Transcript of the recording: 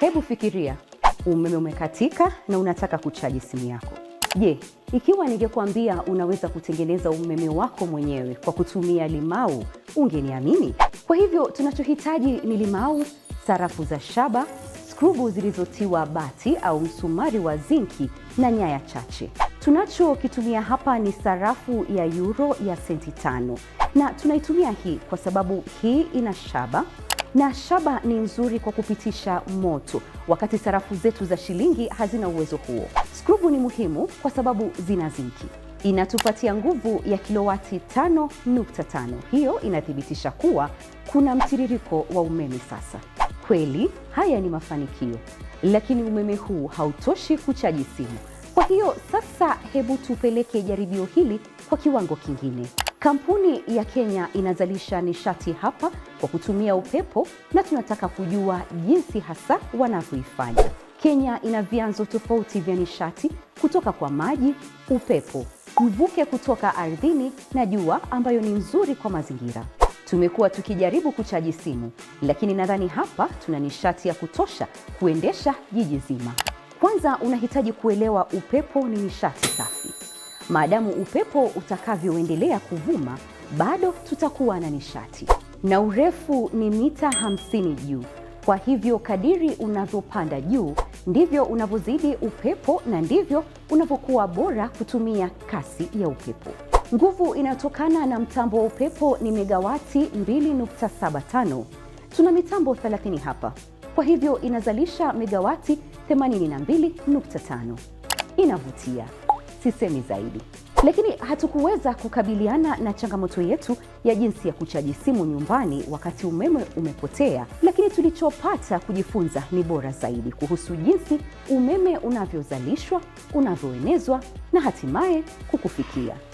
Hebu fikiria umeme umekatika na unataka kuchaji simu yako. Je, ikiwa ningekuambia unaweza kutengeneza umeme wako mwenyewe kwa kutumia limau, ungeniamini? Kwa hivyo tunachohitaji ni limau, sarafu za shaba, skrubu zilizotiwa bati au msumari wa zinki na nyaya chache. Tunachokitumia hapa ni sarafu ya euro ya senti tano, na tunaitumia hii kwa sababu hii ina shaba, na shaba ni nzuri kwa kupitisha moto, wakati sarafu zetu za shilingi hazina uwezo huo. Skrubu ni muhimu kwa sababu zina zinki, inatupatia nguvu ya kilowati 5.5. Hiyo inathibitisha kuwa kuna mtiririko wa umeme sasa. Kweli haya ni mafanikio, lakini umeme huu hautoshi kuchaji simu. Kwa hiyo sasa, hebu tupeleke jaribio hili kwa kiwango kingine. Kampuni ya Kenya inazalisha nishati hapa kwa kutumia upepo na tunataka kujua jinsi hasa wanavyoifanya. Kenya ina vyanzo tofauti vya nishati kutoka kwa maji, upepo, mvuke kutoka ardhini na jua ambayo ni nzuri kwa mazingira. Tumekuwa tukijaribu kuchaji simu, lakini nadhani hapa tuna nishati ya kutosha kuendesha jiji zima. Kwanza unahitaji kuelewa upepo ni nishati safi. Maadamu upepo utakavyoendelea kuvuma, bado tutakuwa na nishati. Na urefu ni mita 50 juu. Kwa hivyo kadiri unavyopanda juu ndivyo unavyozidi upepo na ndivyo unavyokuwa bora kutumia kasi ya upepo. Nguvu inayotokana na mtambo wa upepo ni megawati 2.75. Tuna mitambo 30 hapa, kwa hivyo inazalisha megawati 82.5. Inavutia sisemi zaidi. Lakini hatukuweza kukabiliana na changamoto yetu ya jinsi ya kuchaji simu nyumbani wakati umeme umepotea, lakini tulichopata kujifunza ni bora zaidi kuhusu jinsi umeme unavyozalishwa, unavyoenezwa na hatimaye kukufikia.